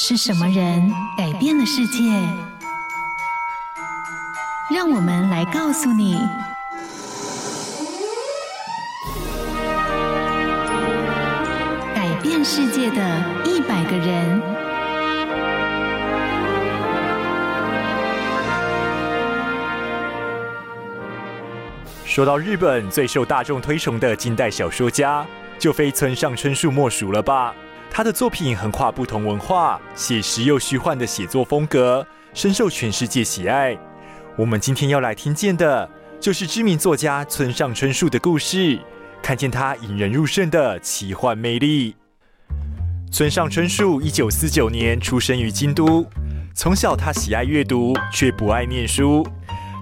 是什麼人改變了世界？讓我們來告訴你：改變世界的一百個人。說到日本最受大眾推崇的近代小說家，就非村上春樹莫屬了吧。他的作品橫跨不同文化，寫實又虛幻的寫作風格深受全世界喜愛。我們今天要來聽見的就是知名作家村上春樹的故事，看見他引人入勝的奇幻魅力。村上春樹一九四九年出生於京都，從小他喜愛閱讀，卻不愛念書。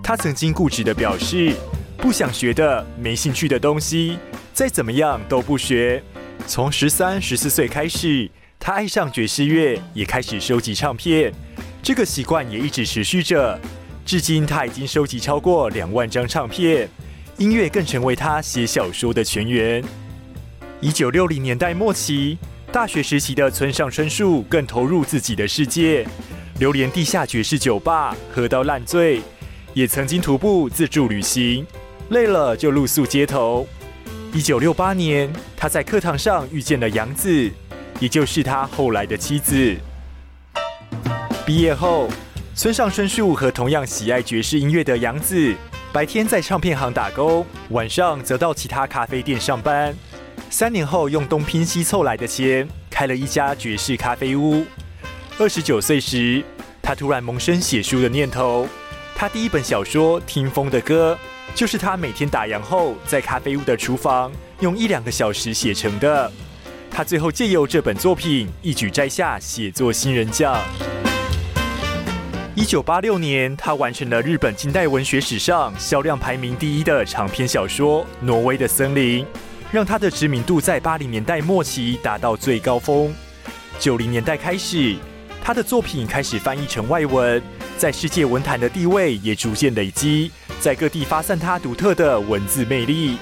他曾經固執地表示，不想學的、沒興趣的東西，再怎麼樣都不學。從十三、十四歲開始，他愛上爵士樂，也開始收集唱片。這個習慣也一直持續着，至今他已經收集超過兩萬張唱片。音樂更成為他寫小說的泉源。一九六零年代末期，大學時期的村上春樹更投入自己的世界，流連地下爵士酒吧，喝到爛醉，也曾經徒步自助旅行，累了就露宿街頭。一九六八年，他在課堂上遇見了楊子，也就是他後來的妻子。畢業後，村上春樹和同樣喜愛爵士音樂的楊子，白天在唱片行打工，晚上則到其他咖啡店上班。三年後，用東拼西湊來的錢開了一家爵士咖啡屋。二十九歲時，他突然萌生寫書的念頭。他第一本小說《聽風的歌》就是他每天打烊後在咖啡屋的廚房用一兩個小時寫成的。他最後借由這本作品一舉摘下寫作新人獎。一九八六年，他完成了日本近代文學史上銷量排名第一的長篇小說《挪威的森林》，讓他的知名度在八零年代末期達到最高峰。九零年代開始，他的作品開始翻譯成外文。在世界文壇的地位也逐漸累積，在各地發散他獨特的文字魅力。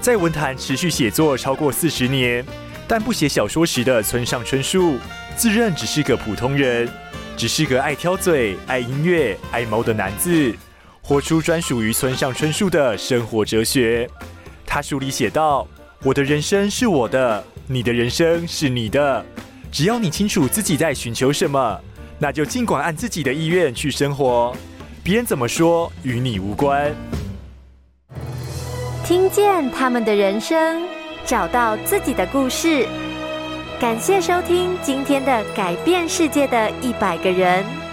在文壇持續寫作超過四十年，但不寫小說時的村上春樹，自認只是個普通人，只是個愛挑嘴、愛音樂、愛貓的男子，活出專屬於村上春樹的生活哲學。他書裡寫道：“我的人生是我的，你的人生是你的，只要你清楚自己在尋求什麼。”那就儘管按自己的意願去生活，別人怎麼說與你無關。聽見他們的人生，找到自己的故事。感謝收聽今天的改變世界的一百個人。